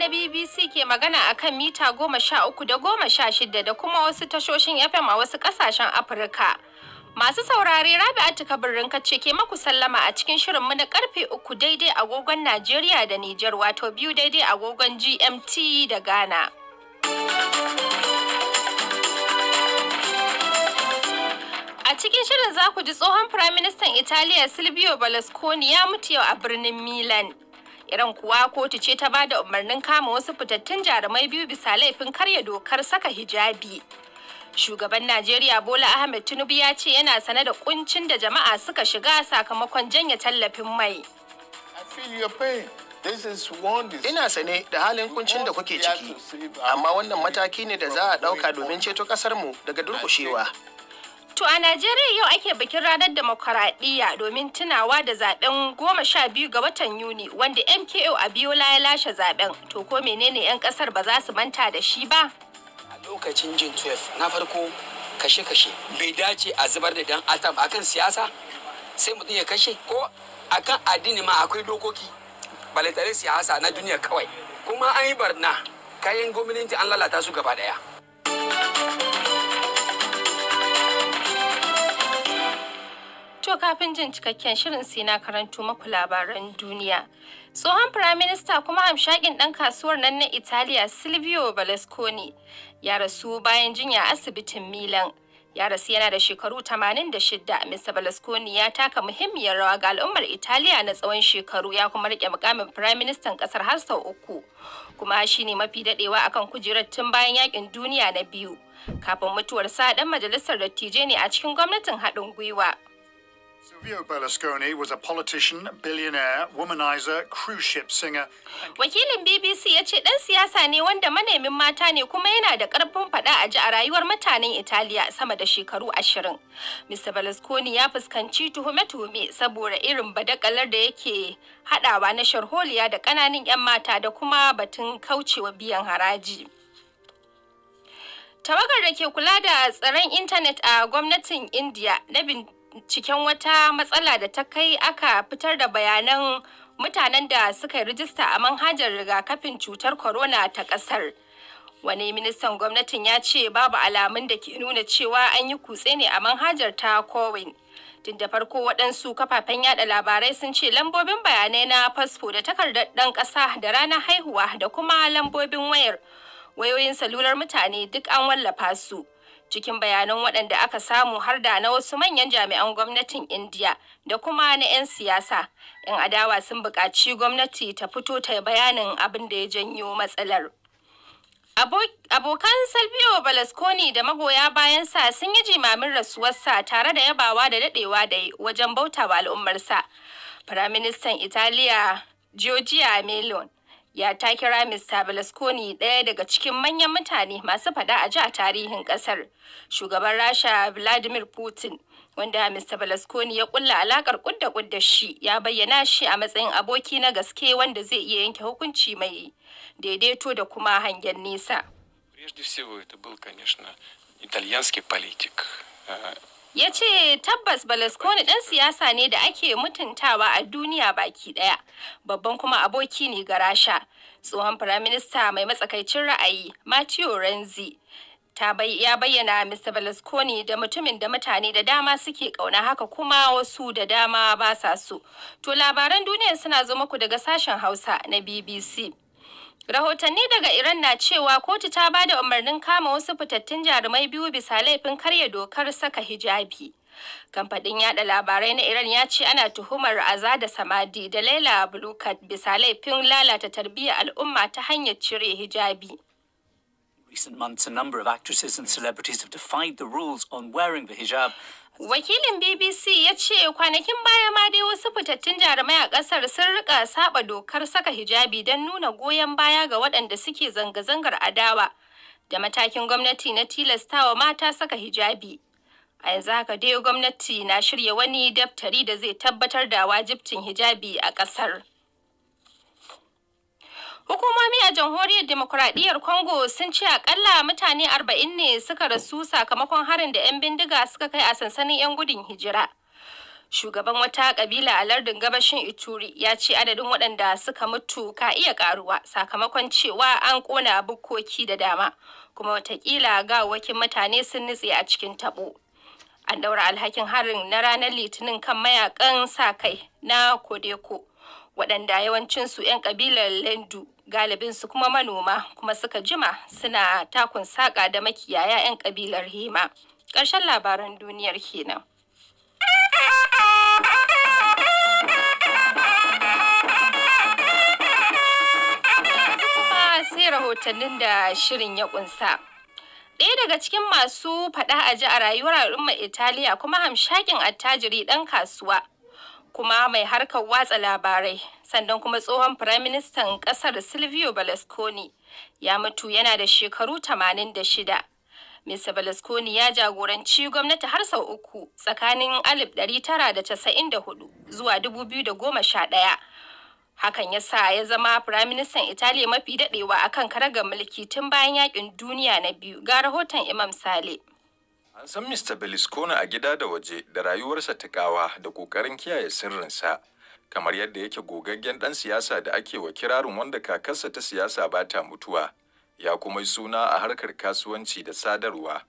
na BBC ke magana a kan mita goma sha uku da goma sha shida da kuma wasu tashoshin FM a wasu ƙasashen Afirka. Masu saurare Atika birnin ce ke maku sallama a cikin shirinmu na karfe uku daidai agogon Najeriya da Nijar wato biyu daidai agogon GMT da Ghana. A cikin shirin za ku ji tsohon Firaministan Italiya Silvio Berlusconi ya mutu yau a birnin Milan. Iran kuwa kotu ce ta bada umarnin kama wasu fitattun jarumai biyu bisa laifin karya dokar saka hijabi. Shugaban Najeriya Bola Ahmed Tinubu ya ce yana sane da kuncin da jama'a suka shiga sakamakon janye tallafin mai. Ina sane da halin kuncin da kuke ciki, amma wannan mataki ne da za a ɗauka domin ceto ƙasarmu daga durƙushewa. To a Najeriya yau ake bikin ranar demokaraɗiyya domin tunawa da zaben goma sha biyu ga watan Yuni wanda MKO Abiola ya lashe zaben. To ko menene 'yan ƙasar ba za su manta da shi ba? A lokacin jin 12 na farko kashe-kashe bai dace a zubar da dan atam akan siyasa sai mutum ya kashe ko akan addini ma akwai dokoki balitare siyasa na duniya kawai kuma an yi barna kayan gwamnati an lalata su gaba daya. To kafin jin cikakken shirin sai na karanto maku labaran duniya. Tsohon Firaminista kuma amshakin ɗan kasuwar nan na Italiya Silvio Berlusconi ya rasu bayan jinya asibitin Milan. Ya rasu yana da shekaru 86, Mr. Berlusconi ya taka muhimmiyar rawa ga al'ummar Italiya na tsawon shekaru ya kuma rike mukamin Firaministan ƙasar har sau uku, kuma shi ne mafi daɗewa akan kujerar tun bayan yakin duniya na biyu. Kafin mutuwarsa ɗan majalisar dattijai ne a cikin gwamnatin haɗin gwiwa. Silvio Berlusconi was a politician, billionaire, womanizer, cruise ship singer. Wakilin BBC ya ce ɗan siyasa ne wanda manemin mata ne kuma yana da karfin faɗa a ji a rayuwar mutanen Italiya sama da shekaru ashirin. Mr. Berlusconi ya fuskanci tuhume-tuhume saboda irin badakalar da yake haɗawa na sharholiya da ƙananan 'yan mata da kuma batun kaucewa biyan haraji. Tawagar da ke kula da tsaron intanet a gwamnatin India na cikin wata matsala da ta kai aka fitar da bayanan mutanen da suka yi rijista a manhajar rigakafin cutar corona ta kasar wani ministan gwamnatin ya ce babu alamun da ke nuna cewa an yi kutse ne a manhajar ta kowin tun da farko waɗansu kafafen yaɗa labarai sun ce lambobin bayanai na fasfo da takardar ɗan ƙasa da ranar haihuwa da kuma lambobin wayar wayoyin salular mutane duk an wallafa su cikin bayanan waɗanda aka samu har da na wasu manyan jami'an gwamnatin indiya da kuma na 'yan siyasa 'yan adawa sun buƙaci gwamnati ta fito ta bayanin abin da ya janyo matsalar abokan salvio balasconi da magoya bayansa sun yi jimamin rasuwarsa tare da yabawa da daɗewa da wajen bautawa al'ummarsa firaministan italiya georgia melon ya ta kira Mr. Berlusconi ɗaya daga cikin manyan mutane masu fada a ji tarihin ƙasar. Shugaban Rasha Vladimir Putin, wanda Mr. Berlusconi ya kulla alakar kudda kudda shi, ya bayyana shi a matsayin aboki na gaske wanda zai iya yanke hukunci mai daidaito da kuma hangen nesa. Прежде всего, это был, конечно, итальянский политик, э, ya ce tabbas balasconi ɗan siyasa ne da ake mutuntawa a duniya baki ɗaya babban kuma aboki ne ga rasha tsohon firaminista mai matsakaicin ra'ayi matthew renzi ya bayyana mr balasconi da mutumin da mutane da dama suke kauna haka kuma wasu da dama ba sa so to labaran duniya suna zo muku daga sashen hausa na bbc Rahotanni daga Iran na cewa kotu ta ba da umarnin kama wasu fitattun jarumai biyu bisa laifin karya dokar saka hijabi. Kamfanin yada labarai na Iran ya ce ana tuhumar aza da Samadi da Laila bulukat bisa laifin lalata tarbiyyar al'umma ta hanyar cire hijabi. Recent months, a number of actresses and celebrities have defied the rules on wearing the hijab Wakilin BBC ya ce kwanakin baya ma dai wasu fitattun jarumai a ƙasar sun rika saba dokar saka hijabi don nuna goyon baya ga waɗanda suke zanga-zangar adawa da matakin gwamnati na tilastawa mata saka hijabi. A yanzu haka dai gwamnati na shirya wani daftari da zai tabbatar da wajibcin hijabi a ƙasar. Hukumomi a jamhuriyar demokuraɗiyyar Congo sun ce akalla mutane arba'in ne suka rasu sakamakon harin da 'yan bindiga suka kai a sansanin 'yan gudun hijira. Shugaban wata kabila a lardin gabashin Ituri ya ce adadin waɗanda suka mutu ka iya karuwa sakamakon cewa an ƙona bukkoki da dama kuma watakila gawakin mutane sun nutse a cikin taɓo. An ɗaura alhakin harin na ranar litinin kan mayakan sa kai na Kodeko. waɗanda yawancin su 'yan ƙabilar lendu su kuma manoma kuma suka jima suna takun saƙa da makiyaya 'yan ƙabilar hema ƙarshen labaran duniyar kenan. sai rahotannin da shirin ya kunsa. Ɗaya daga cikin masu faɗa a ji a rayuwar al'ummar Italiya kuma hamshakin attajiri ɗan kasuwa kuma mai harkar watsa labarai sannan kuma tsohon firaministan kasar silvio berlusconi ya mutu yana da shekaru 86 Mr. Berlusconi ya jagoranci gwamnati har sau uku tsakanin 1994 zuwa 2011. Hakan ya sa ya zama Firaministan Italiya mafi daɗewa akan karagar mulki tun bayan yakin duniya na biyu ga rahoton Imam Sale. An san Mr. Berlusconi a gida da waje da rayuwarsa ta kawa da ƙoƙarin kiyaye sirrinsa, kamar yadda yake gogaggen ɗan siyasa da ake wa kirarin wanda kakarsa ta siyasa ba ta mutuwa, ya kuma yi suna a harkar kasuwanci da sadarwa.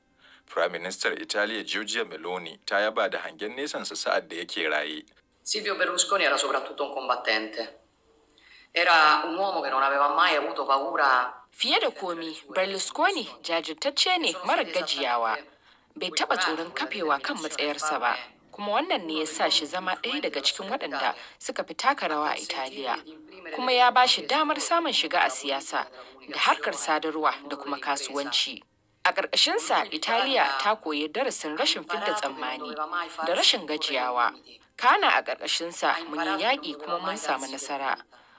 Prime Minister Italia Giorgia Meloni ta yaba da hangen nesansa sa'ad da yake raye. Silvio Berlusconi era soprattutto un combattente. Era un uomo che non aveva mai avuto paura Fiye da komi, Berlusconi jajirtacce ne mara gajiyawa. bai taɓa tsoron kafewa kan matsayarsa ba kuma wannan ne ya sa shi zama ɗaya daga cikin waɗanda suka fi taka rawa a italiya kuma ya ba shi damar samun shiga a siyasa da harkar sadarwa da kuma kasuwanci a ƙarƙashinsa italiya ta koyi darasin rashin fidda tsammani da rashin gajiyawa kana a ƙarƙashinsa mun yi yaƙi kuma mun samu nasara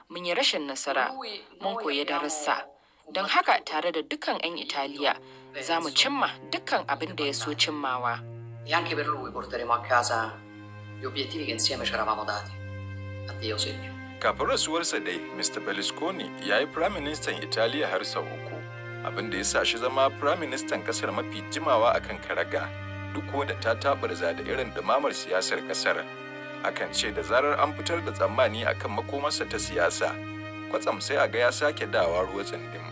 mun yi rashin nasara mun koyi darassa don haka tare da dukkan 'yan italiya za mu cimma dukkan abin da ya so cimmawa. Kafin rasuwarsa dai, Mr. Berlusconi ya yi Firaministan Italiya har sau uku, abin da ya sa shi zama Firaministan kasar mafi jimawa a kan karaga, duk wadda ta taɓarza da irin dumamar siyasar kasar. Akan ce da zarar an fitar da tsammani akan makomarsa ta siyasa, kwatsam sai a ga ya sake dawa ruwa tsindim.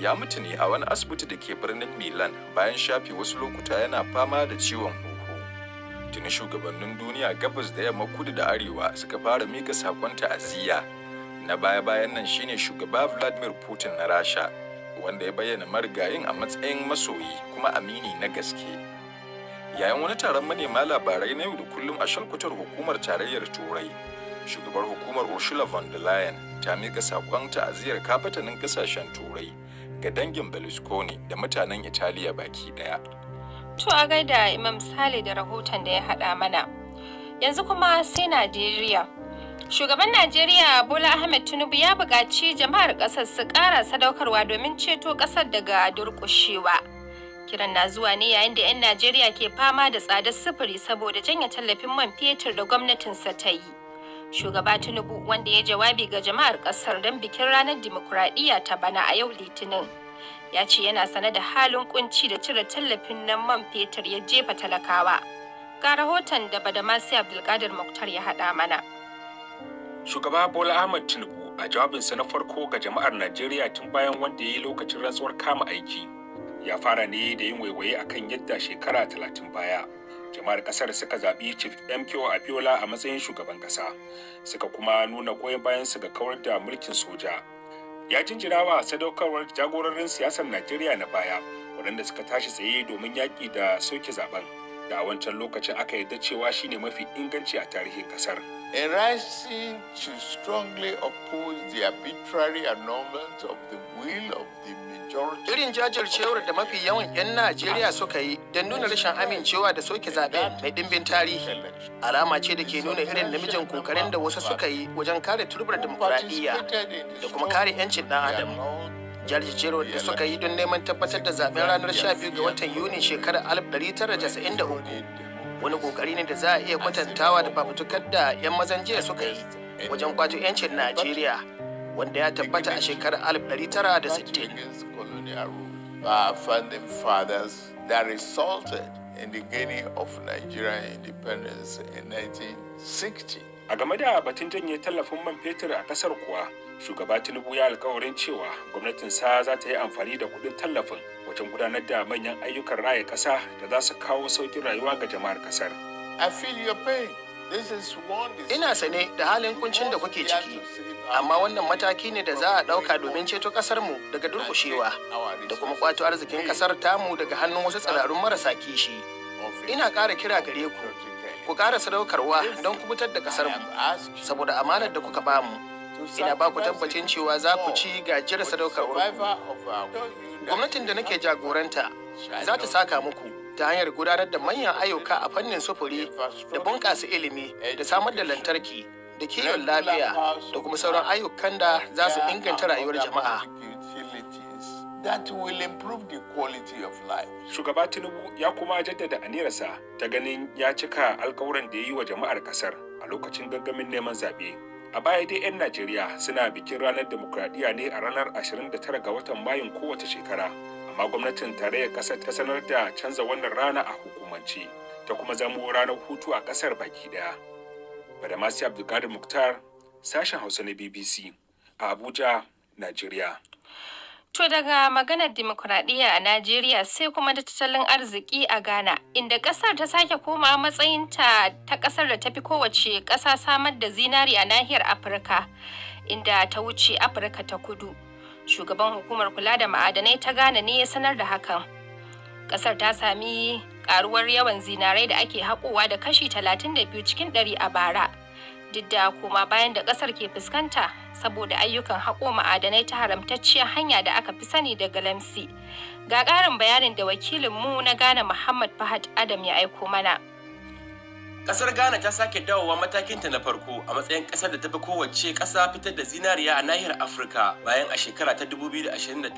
ya mutu ne a wani asibiti da ke birnin Milan bayan shafi wasu lokuta yana fama da ciwon huhu. Tuni shugabannin duniya gabas da yamma kudu da arewa suka fara mika sakon ta'aziyya. Na baya-bayan nan shine shugaba Vladimir Putin na Rasha, wanda ya bayyana marigayin a matsayin masoyi kuma amini na gaske. Yayin wani taron manema labarai na yau da kullum a shalkutar hukumar tarayyar Turai, shugabar hukumar Ursula von der Leyen ta mika sakon ta'aziyyar kafatanin kasashen Turai. ga dangin Berlusconi da mutanen Italiya baki ɗaya. To a gaida Imam Sale da rahoton da ya haɗa mana. Yanzu kuma sai Najeriya. Shugaban Najeriya Bola Ahmed Tinubu ya buƙaci jama'ar ƙasar su ƙara sadaukarwa domin ceto ƙasar daga durƙushewa. Kiran na zuwa ne yayin da 'yan Najeriya ke fama da tsadar sufuri saboda janye tallafin man fetur da gwamnatinsa ta yi. shugaba tinubu wanda ya jawabi ga jama'ar kasar don bikin ranar dimokuraɗiyya ta bana a yau litinin ya ce yana sane da halin kunci da cire tallafin nan man fetur ya jefa talakawa ga rahoton da badamasi abdulkadir muktar ya haɗa mana shugaba bola ahmad tinubu a jawabinsa na farko ga jama'ar najeriya tun bayan wanda ya yi lokacin rantsuwar kama aiki ya fara ne da yin waiwaye akan yadda shekara talatin baya jama'ar kasar suka zaɓi chief mko abiola a matsayin shugaban ƙasa suka kuma nuna goyon bayan su ga kawar da mulkin soja ya jinjira wa sadaukarwar jagororin siyasar najeriya na baya waɗanda suka tashi tsaye domin yaƙi da soke zaben da wancan lokacin aka yarda cewa shine mafi inganci a tarihin kasar. A rising to strongly oppose the arbitrary Irin jajircewar da mafi yawan 'yan Najeriya suka yi don nuna rashin amincewa da soke zaɓe mai ɗimbin tarihi. Alama ce da ke nuna irin namijin kokarin da wasu suka yi wajen kare turbar dimokuraɗiyya da kuma kare 'yancin ɗan adam. jajircewa da suka yi don neman tabbatar da zaben ranar 12 ga watan yuni shekarar 1993 wani kokari ne da za a iya kwatantawa da fafutukar da 'yan mazan jiya suka yi wajen kwato 'yancin najeriya wanda ya tabbata a shekarar 1960 in the gaining of Nigerian independence in 1960. A game da batun janye tallafin man fetur a kasar kuwa, shugaba Tinubu ya alkawarin cewa gwamnatinsa za ta yi amfani da kudin tallafin wajen gudanar da manyan ayyukan raya kasa da za su kawo sauƙin rayuwa ga jama'ar kasar. I feel your pain. Ina sane da halin kuncin da kuke ciki, amma wannan mataki ne da za a ɗauka domin ceto ƙasarmu daga durƙushewa da kuma ƙwato arzikin ƙasar tamu daga hannun wasu tsirarun marasa kishi. Ina ƙara kira gare ku, ku ƙara sadaukarwa don kubutar da ƙasarmu, saboda amanar da kuka bamu. ina ba ku tabbacin cewa za ku ci gajiyar sadaukarwar gwamnatin da nake jagoranta za ta saka muku ta hanyar gudanar da manyan ayyuka a fannin sufuri da bunƙasa ilimi da samar da lantarki da kiwon lafiya da kuma sauran ayyukan da za su inganta rayuwar jama'a. Shugaba Tinubu ya kuma jaddada aniyarsa ta ganin ya cika alkawuran da ya yi wa jama'ar kasar a lokacin gangamin neman zaɓe. A baya dai 'yan Najeriya suna bikin ranar demokradiyya ne a ranar 29 ga watan Mayun kowace shekara. amma gwamnatin tarayyar ƙasar ta sanar da canza wannan rana a hukumance ta kuma zamo ranar hutu a ƙasar baki ɗaya. Badamasi Abdulkadir Muktar, sashen Hausa na BBC, a Abuja, Najeriya. To daga maganar dimokuraɗiyya a Najeriya sai kuma da tattalin arziki a Ghana, inda ƙasar ta sake koma matsayinta ta ƙasar da ta fi kowace ƙasa samar da zinari a nahiyar Afirka, inda ta wuce Afirka ta kudu. shugaban hukumar kula da ma'adanai ta ghana ne ya sanar da hakan kasar ta sami karuwar yawan zinarai da ake haƙowa da kashi talatin da biyu cikin ɗari a bara duk da koma bayan da kasar ke fuskanta saboda ayyukan haƙo ma'adanai ta haramtacciyar hanya da aka fi sani da galamsi ga ƙarin bayanin da wakilin mu na ghana muhammad fahad adam ya aiko mana Kasar Ghana ta sake dawowa matakinta na farko a matsayin kasar da ta fi kowace kasa fitar da zinariya a nahiyar Afirka bayan a shekara ta 2021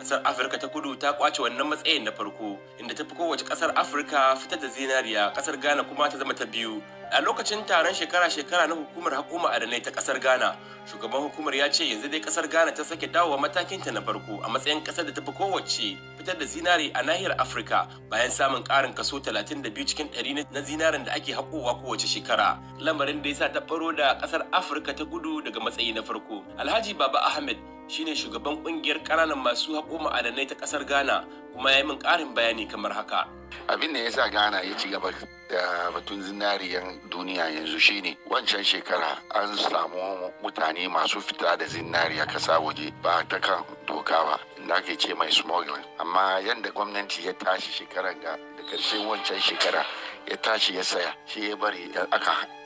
kasar Afirka ta kudu ta kwace wannan matsayin na farko inda ta fi kowace kasar Afirka fitar da zinariya kasar Ghana kuma ta zama ta biyu a lokacin taron shekara-shekara na hukumar hakuma adanai ta kasar ghana shugaban hukumar ya ce yanzu dai kasar ghana ta sake dawowa matakinta na farko a matsayin kasar da ta fi kowace fitar da zinari a nahiyar afirka bayan samun karin kaso 32 cikin 100 na zinarin da ake haƙowa kowace shekara lamarin da ya sa ta faro da kasar afirka ta gudu daga matsayi na farko alhaji baba ahmed shine shugaban kungiyar kananan masu haƙo ma'adanai ta ƙasar Ghana kuma ya yi min ƙarin bayani kamar haka. Abin da ya sa Ghana ya ci gaba da batun zinariyan duniya yanzu shine wancan shekara an samu mutane masu fita da zinariya kasa waje ba ta kan doka ba da ake ce mai smuggling amma yadda gwamnati ya tashi shekaran ga da ƙarshen wancan shekara ya tashi ya saya shi ya bari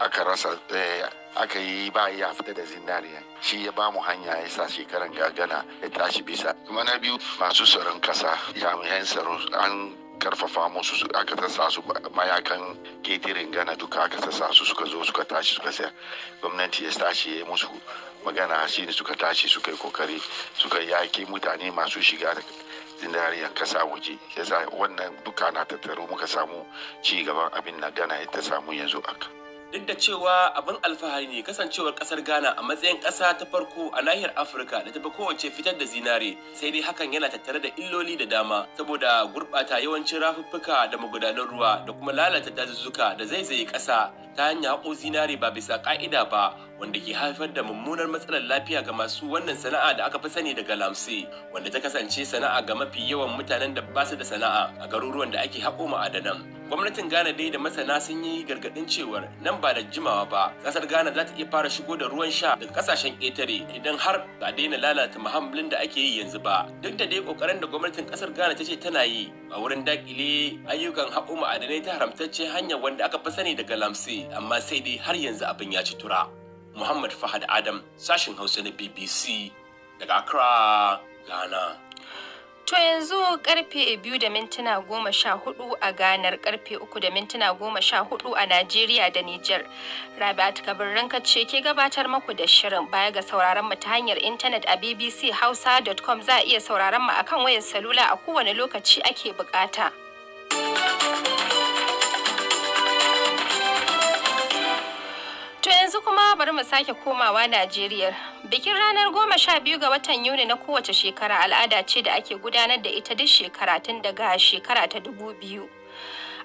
aka rasa eh, aka yi ba ya fita da zinariya shi ya ba mu hanya ya sa shekaran gagana ya tashi bisa kuma na biyu masu tsaron kasa jami'an tsaro an karfafa musu aka sassa su mayakan ketirin gana duka aka sassa su suka zo suka tashi suka saya gwamnati ya tashi ya musu magana shi ne suka tashi suka yi kokari suka yaki mutane masu shiga zinariyan kasa waje yasa wannan duka na tattaro muka samu ci gaban abin na gana ta samu yanzu aka duk da cewa abin alfahari ne kasancewar kasar ghana a matsayin kasa ta farko a nahiyar afirka da tafi kowace fitar da zinare sai dai hakan yana tattare da illoli da dama saboda gurbata yawancin rafuffuka da magudanan ruwa da kuma lalata dazuzzuka da zaizaye kasa ta hanyar haƙo zinare ba bisa ƙa'ida ba wanda ke haifar da mummunar matsalar lafiya ga masu wannan sana'a da aka fi sani daga lamse, wanda ta kasance sana'a ga mafi yawan mutanen da ba su da sana'a a garuruwan da ake haƙo ma'adanan gwamnatin ghana dai da masana sun yi gargaɗin cewar nan ba da jimawa ba ƙasar ghana za ta iya fara shigo da ruwan sha daga ƙasashen ƙetare idan har ba a daina lalata muhammalin da ake yi yanzu ba duk da dai ƙoƙarin da gwamnatin ƙasar ghana ta ce tana yi a wurin dakile ayyukan haƙo ma'adanai ta haramtacce hanyar wanda aka fi sani da galamse amma sai dai har yanzu abin ya ci tura. Muhammad Fahad Adam sashen Hausa na BBC daga Accra, Ghana. To yanzu karfe biyu da mintuna goma sha hudu a ganar karfe uku da mintuna goma sha hudu a Najeriya da Nijar. Rabi'at ranka ce ke gabatar maku da shirin baya ga sauraron mu ta hanyar intanet a bbchausa.com za a iya sauraron mu akan wayar salula a kowane lokaci ake bukata. bari mu sake komawa Najeriya. Bikin ranar goma sha biyu ga watan Yuni na kowace shekara al'ada ce da ake gudanar da ita duk shekara tun daga shekara ta dubu biyu.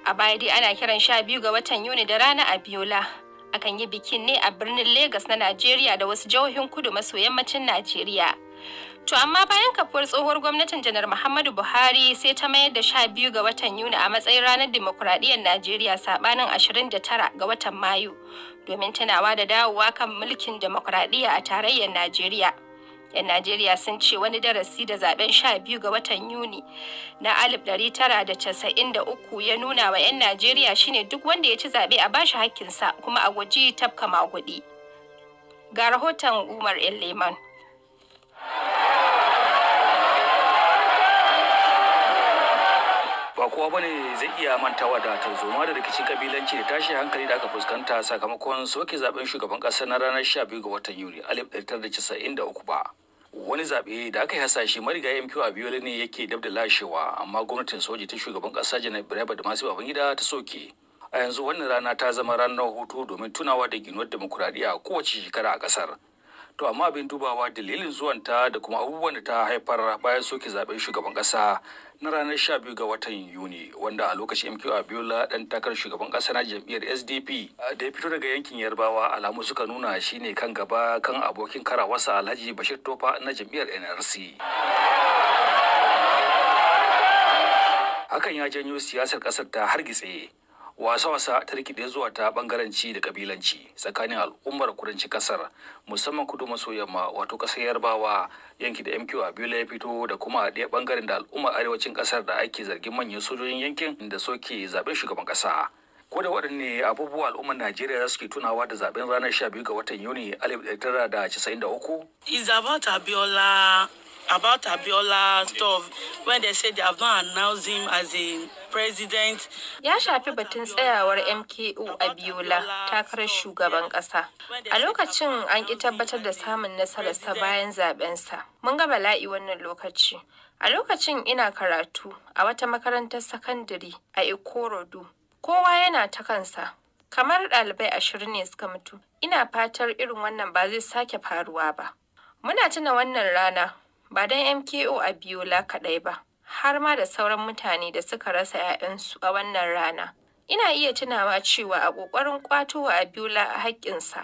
A baya dai ana kiran sha biyu ga watan Yuni da rana a biyola Akan yi bikin ne a birnin Legas na Najeriya da wasu jihohin kudu maso yammacin Najeriya. To amma bayan kafuwar tsohuwar gwamnatin janar Muhammadu Buhari sai ta mayar da sha biyu ga watan Yuni a matsayin ranar dimokuraɗiyyar Najeriya saɓanin ashirin da tara ga watan Mayu domin tunawa da dawowa kan mulkin dimokuraɗiyya a tarayyar Najeriya. 'Yan Najeriya sun ce wani darasi da zaben sha biyu ga watan Yuni na alif ɗari tara da da casa'in uku ya nuna wa 'yan Najeriya shine duk wanda ya ci zaɓe a bashi hakkinsa kuma a guji tafka maguɗi. Ga rahoton Umar El Lemon. kowa bane zai iya mantawa da tarzoma da rikicin kabilanci da tashi hankali da aka fuskanta sakamakon soke zaben shugaban kasa na ranar 12 ga watan Yuli uku ba. Wani zaɓe da aka yi hasashe mariga MQ a biyu ne yake dab da lashewa amma gwamnatin soji ta shugaban kasa Janar Bireba da masu gida ta soke. A yanzu wannan rana ta zama ranar hutu domin tunawa da ginuwar demokuraɗiyya kowace shekara a ƙasar. to amma abin dubawa dalilin zuwanta da kuma abubuwan da ta haifar bayan soke zaben shugaban kasa na ranar sha biyu ga watan yuni wanda a lokacin mq abiola dan takarar shugaban kasa na jam'iyyar sdp da ya fito daga yankin yarbawa alamu suka nuna shine kan gaba kan abokin karawarsa alhaji bashir tofa na jam'iyyar nrc hakan ya janyo siyasar kasar ta hargitse wasa-wasa ta rikide zuwa ta bangaranci da kabilanci tsakanin al'ummar kudancin kasar musamman kudu maso yamma wato kasar yarbawa yanki da mq abiola ya fito da kuma a ɗaya bangaren da al'ummar arewacin kasar da ake zargin manyan sojojin yankin da soke zaben shugaban kasa ko da waɗanne abubuwa al'ummar najeriya za su ke tunawa da zaben ranar sha biyu ga watan yuni Alif da da tara casa'in 1993 is about abiola about Abiola stuff when they said they have not announced him as a president. Ya shafi batun tsayawar MKO Abiola takarar shugaban kasa. A lokacin an ki tabbatar da samun nasarar sa bayan zabensa. Mun ga bala'i wannan lokaci. A lokacin ina karatu a wata makarantar sakandare a Ikorodu. Kowa yana ta kansa. Kamar ɗalibai ashirin ne suka mutu. Ina fatar irin wannan ba zai sake faruwa ba. Muna tuna wannan rana ba don MKO Abiola kaɗai ba, har ma da sauran mutane da suka rasa 'ya'yansu a wannan rana. Ina iya tunawa cewa a ƙoƙarin ƙwato wa Abiola a haƙƙinsa,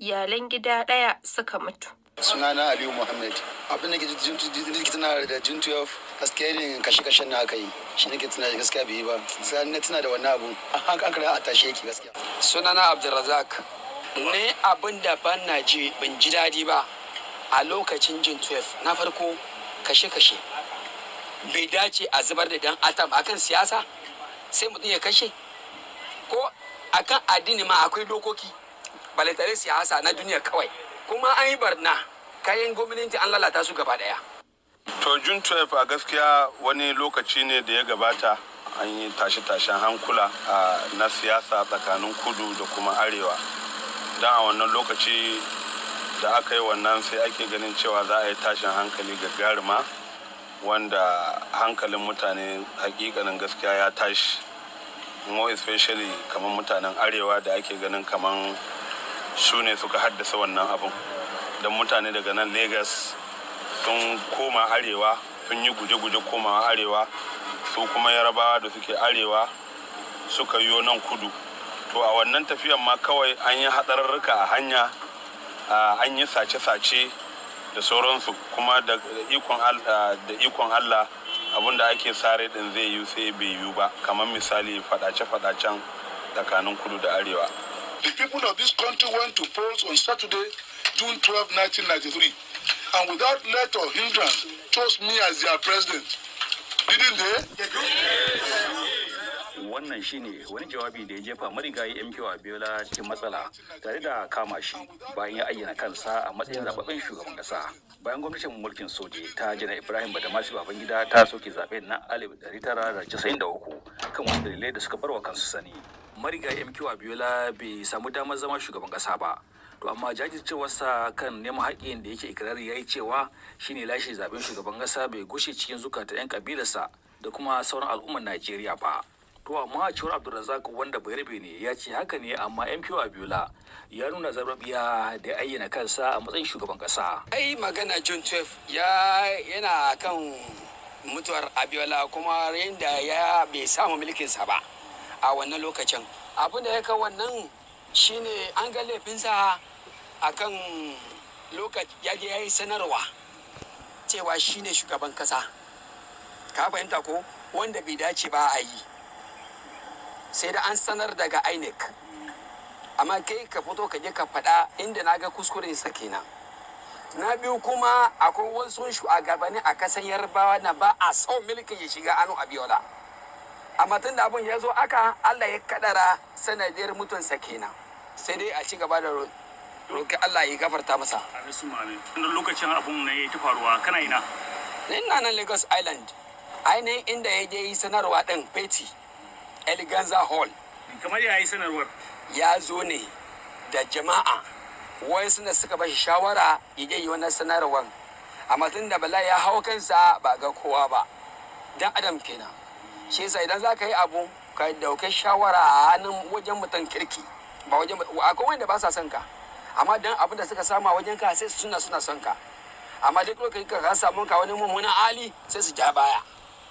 iyalan gida ɗaya suka mutu. Sunana Aliyu Muhammad. Abin da ke tuna da June 12 ne kashe-kashen na aka yi. Shi ke tuna da gaskiya bai yi ba. Sai ne tuna da wani abu. An kakara a tashe yake gaskiya. Sunana Abdulrazak. Ni abin da ban na je ban ji daɗi ba. a lokacin jin 12 na farko kashe-kashe bai dace a zubar da dan atam akan siyasa sai mutum ya kashe ko akan addini ma akwai dokoki balitare siyasa na duniya kawai kuma an yi barna kayan gwamnati an lalata su gaba daya to jun 12 a gaskiya wani lokaci ne da ya gabata an yi tashe-tashen hankula ah, na siyasa tsakanin kudu da kuma arewa don a wannan lokaci da aka yi wannan sai ake ganin cewa za a yi tashin hankali ga garima wanda hankalin mutane hakikanin gaskiya ya tashi more especially kamar mutanen arewa da ake ganin kamar su ne suka haddasa wannan abin don mutane daga nan lagos sun koma arewa sun yi guje-guje koma arewa su kuma yarabawa da suke arewa suka yi nan kudu to a wannan tafiyan ma kawai an yi hatsararruka a hanya an yi sace-sace da sauransu kuma da ikon allah abin da ake sare din zai yi sai bai yiwu ba kamar misali fadace-fadacen tsakanin kudu da arewa the people of this country went to polls on saturday june 12 1993 and without let or hindrance chose me as their president didn't they yes. wannan shine wani jawabi da ya jefa marigayi a abiola cikin matsala tare da kama shi bayan ya ayyana kansa a matsayin zababben shugaban kasa bayan gwamnatin mulkin soje ta jana ibrahim baban gida ta soke zaben na da da uku kan wani dalilai da suka barwa kansu sani marigayi mk abiola bai samu damar zama shugaban kasa ba to amma jajircewarsa kan neman haƙƙin da yake ikirari ya yi cewa shine lashe zaɓen shugaban kasa bai gushe cikin zukata 'yan kabilarsa da kuma sauran al'ummar najeriya ba to amma a cewar abdulrazak wanda bai rabe ne ya ce haka ne amma mpo abiola ya nuna zarrabiya da ayyana kansa a matsayin shugaban kasa ai magana john 12 ya yana kan mutuwar abiola kuma yadda ya bai samu mulkinsa ba a wannan lokacin abin da ya kan wannan shine an ga laifinsa a kan lokaci ya yi sanarwa cewa shine shugaban kasa ka fahimta ko wanda bai dace ba a yi sai da an sanar daga inec amma kai ka fito ka je ka faɗa inda na ga kuskuren sa kenan na biyu kuma akwai wasu shugabanni a kasan yarbawa na ba a son milkin ya shiga anu abiola amma tun da abin ya zo aka allah ya kadara sanadiyar sa kenan sai dai a ci gaba da roƙi allah ya gafarta masa lokacin abun na ya ta faruwa kana ina ina nan lagos island ainihin inda ya je sanarwa ɗin peti eleganza hall kamar ya yi sanarwar ya zo ne da jama'a wayansu da suka bashi shawara ya je yi wannan sanarwar amma tun da bala ya hau kansa ba ga kowa ba dan adam kenan shi yasa idan za ka yi abu ka dauke shawara a hannun wajen mutum kirki ba wajen akwai wanda ba sa son ka amma dan abin da suka samu a wajen ka sai suna suna son ka amma duk lokacin ka samu ka wani mummunan hali sai su ja baya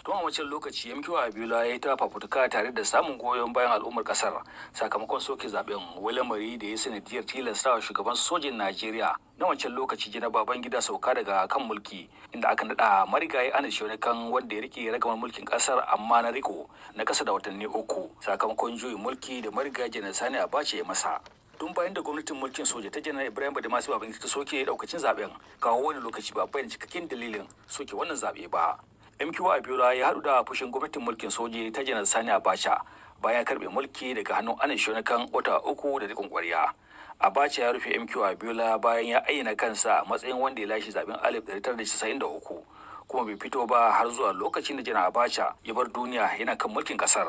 tun a wancan lokaci yamkiwa biyu ya yi ta fafutuka tare da samun goyon bayan al'ummar kasar sakamakon soke zaben lamari da ya sanadiyar tilasta wa shugaban sojin najeriya na wancan lokaci jina baban gida sauka daga kan mulki inda aka naɗa marigayi ana shonakan wanda ya rike ragamar mulkin kasar amma na riko na kasa da watanni uku sakamakon juyin mulki da marigayi janar sani abace ya masa tun bayan da gwamnatin mulkin soja ta janar ibrahim badamasi babangida ta soke daukacin zaben kawo wani lokaci ba bayan cikakken dalilin soke wannan zabe ba mqi abiola ya haɗu da fushin gwamnatin mulkin soji ta janar sani abacha bayan karɓe mulki daga hannun anan shonakan wata uku da rikon ƙwarya abacha ya rufe mqi abiola bayan ya ayyana kansa a matsayin wanda ya lashe da uku kuma bai fito ba har zuwa lokacin da janar abacha ya bar duniya yana kan mulkin ƙasar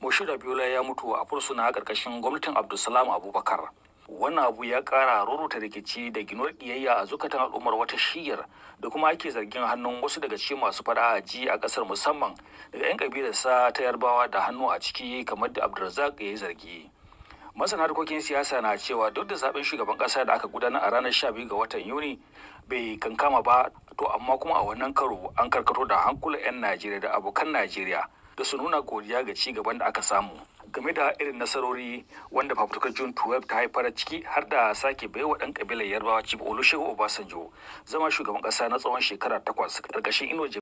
moshir abiola ya mutu a fursuna a ƙarƙashin gwamnatin abdulsalam abubakar wannan abu ya kara rurruta rikici da ginuwar ƙiyayya a zukatan al'ummar wata shiyar da kuma ake zargin hannun wasu daga cikin masu fada a ji a kasar musamman daga 'yan ƙabilar sa ta yarbawa da hannu a ciki kamar da abdulrazak ya yi zargi masana harkokin siyasa na cewa duk da zaben shugaban ƙasa da aka gudanar a ranar biyu ga watan yuni bai kankama ba to amma kuma a wannan karo an karkato da hankulan 'yan najeriya da abokan najeriya da su nuna godiya ga ci gaban da aka samu game da irin nasarori wanda fafutukar Jun 12 ta haifar ciki har da sake baiwa ɗan kabilar Yarbawa Chief Olusegun Obasanjo zama shugaban ƙasa na tsawon shekara takwas ƙarƙashin Inuwa